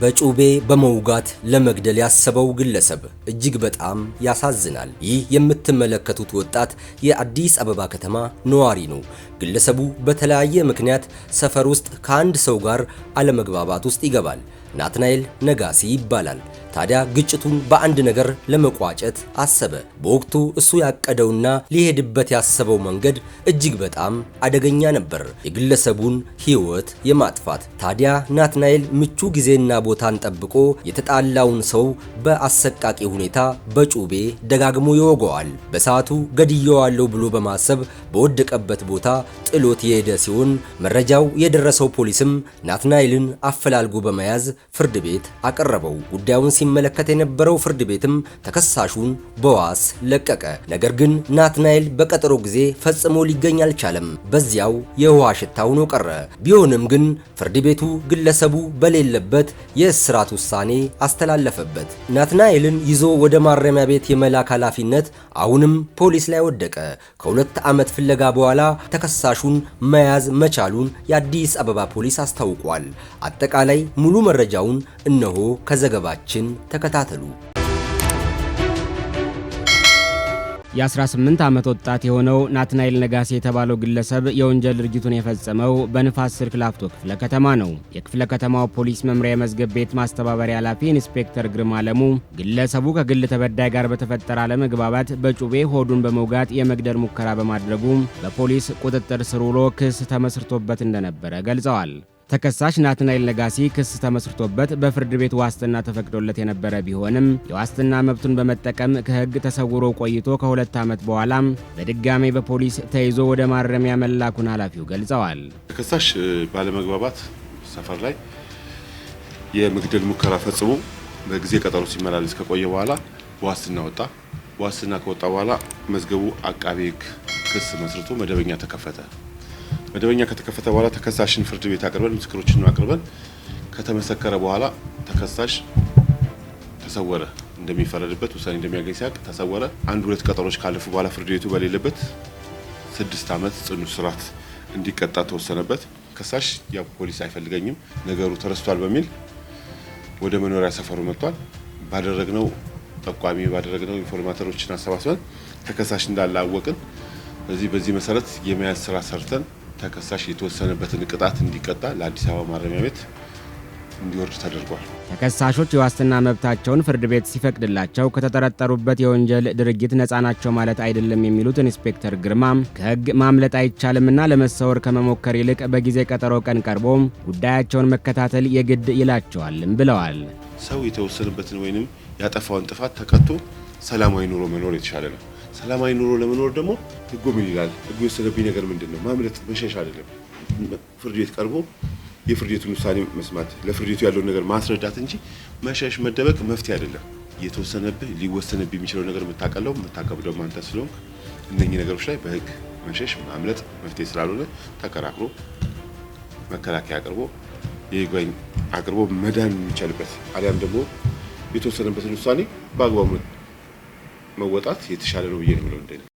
በጩቤ በመውጋት ለመግደል ያሰበው ግለሰብ እጅግ በጣም ያሳዝናል። ይህ የምትመለከቱት ወጣት የአዲስ አበባ ከተማ ነዋሪ ነው። ግለሰቡ በተለያየ ምክንያት ሰፈር ውስጥ ከአንድ ሰው ጋር አለመግባባት ውስጥ ይገባል። ናትናኤል ነጋሲ ይባላል። ታዲያ ግጭቱን በአንድ ነገር ለመቋጨት አሰበ። በወቅቱ እሱ ያቀደውና ሊሄድበት ያሰበው መንገድ እጅግ በጣም አደገኛ ነበር፣ የግለሰቡን ሕይወት የማጥፋት። ታዲያ ናትናኤል ምቹ ጊዜና ቦታን ጠብቆ የተጣላውን ሰው በአሰቃቂ ሁኔታ በጩቤ ደጋግሞ ይወገዋል። በሰዓቱ ገድየዋለሁ ብሎ በማሰብ በወደቀበት ቦታ ጥሎት የሄደ ሲሆን መረጃው የደረሰው ፖሊስም ናትናኤልን አፈላልጎ በመያዝ ፍርድ ቤት አቀረበው። ጉዳዩን ሲመለከት የነበረው ፍርድ ቤትም ተከሳሹን በዋስ ለቀቀ። ነገር ግን ናትናኤል በቀጠሮ ጊዜ ፈጽሞ ሊገኝ አልቻለም። በዚያው የውሃ ሽታ ሆኖ ቀረ። ቢሆንም ግን ፍርድ ቤቱ ግለሰቡ በሌለበት የእስራት ውሳኔ አስተላለፈበት። ናትናኤልን ይዞ ወደ ማረሚያ ቤት የመላክ ኃላፊነት አሁንም ፖሊስ ላይ ወደቀ። ከሁለት ዓመት ፍለጋ በኋላ ተከሳሹን መያዝ መቻሉን የአዲስ አበባ ፖሊስ አስታውቋል። አጠቃላይ ሙሉ መረጃ መረጃውን እነሆ ከዘገባችን ተከታተሉ። የ18 ዓመት ወጣት የሆነው ናትናኤል ነጋሴ የተባለው ግለሰብ የወንጀል ድርጊቱን የፈጸመው በንፋስ ስልክ ላፍቶ ክፍለ ከተማ ነው። የክፍለ ከተማው ፖሊስ መምሪያ የመዝገብ ቤት ማስተባበሪያ ኃላፊ ኢንስፔክተር ግርማ አለሙ ግለሰቡ ከግል ተበዳይ ጋር በተፈጠረ አለመግባባት በጩቤ ሆዱን በመውጋት የመግደል ሙከራ በማድረጉ በፖሊስ ቁጥጥር ስር ውሎ ክስ ተመስርቶበት እንደነበረ ገልጸዋል። ተከሳሽ ናትናኤል ነጋሲ ክስ ተመስርቶበት በፍርድ ቤት ዋስትና ተፈቅዶለት የነበረ ቢሆንም የዋስትና መብቱን በመጠቀም ከሕግ ተሰውሮ ቆይቶ ከሁለት ዓመት በኋላ በድጋሜ በፖሊስ ተይዞ ወደ ማረሚያ መላኩን ኃላፊው ገልጸዋል። ተከሳሽ ባለመግባባት ሰፈር ላይ የመግደል ሙከራ ፈጽሞ በጊዜ ቀጠሮ ሲመላለስ ከቆየ በኋላ በዋስትና ወጣ። ዋስትና ከወጣ በኋላ መዝገቡ አቃቤ ሕግ ክስ መስርቶ መደበኛ ተከፈተ። መደበኛ ከተከፈተ በኋላ ተከሳሽን ፍርድ ቤት አቅርበን ምስክሮችን አቅርበን ከተመሰከረ በኋላ ተከሳሽ ተሰወረ እንደሚፈረድበት ውሳኔ እንደሚያገኝ ሲያቅ ተሰወረ። አንድ ሁለት ቀጠሮች ካለፉ በኋላ ፍርድ ቤቱ በሌለበት ስድስት ዓመት ጽኑ እስራት እንዲቀጣ ተወሰነበት። ከሳሽ ፖሊስ አይፈልገኝም ነገሩ ተረስቷል በሚል ወደ መኖሪያ ሰፈሩ መጥቷል። ባደረግነው ጠቋሚ ባደረግነው ኢንፎርማተሮችን አሰባስበን ተከሳሽ እንዳላወቅን በዚህ በዚህ መሰረት የመያዝ ስራ ሰርተን ተከሳሽ የተወሰነበትን ቅጣት እንዲቀጣ ለአዲስ አበባ ማረሚያ ቤት እንዲወርድ ተደርጓል። ተከሳሾች የዋስትና መብታቸውን ፍርድ ቤት ሲፈቅድላቸው ከተጠረጠሩበት የወንጀል ድርጊት ነፃ ናቸው ማለት አይደለም የሚሉት ኢንስፔክተር ግርማም ከሕግ ማምለጥ አይቻልምና ለመሰወር ከመሞከር ይልቅ በጊዜ ቀጠሮ ቀን ቀርቦ ጉዳያቸውን መከታተል የግድ ይላቸዋልም ብለዋል። ሰው የተወሰነበትን ወይንም ያጠፋውን ጥፋት ተቀጥቶ ሰላማዊ ኑሮ መኖር የተሻለ ነው። ሰላማዊ ኑሮ ለመኖር ደግሞ ህጎ ምን ይላል? ህጎ የወሰነብኝ ነገር ምንድን ነው? ማምለጥ መሸሽ አይደለም። ፍርድ ቤት ቀርቦ የፍርድ ቤቱን ውሳኔ መስማት፣ ለፍርድ ቤቱ ያለውን ነገር ማስረዳት እንጂ መሸሽ፣ መደበቅ መፍትሄ አይደለም። የተወሰነብህ ሊወሰንብህ የሚችለው ነገር የምታቀለው የምታከብደው ደግሞ አንተ ስለሆንክ እነኚህ ነገሮች ላይ በህግ መሸሽ፣ ማምለጥ መፍትሄ ስላልሆነ ተከራክሮ መከላከያ አቅርቦ የይግባኝ አቅርቦ መዳን የሚቻልበት አሊያም ደግሞ የተወሰነበትን ውሳኔ በአግባቡ መወጣት የተሻለ ነው ብዬ ነው የምለው።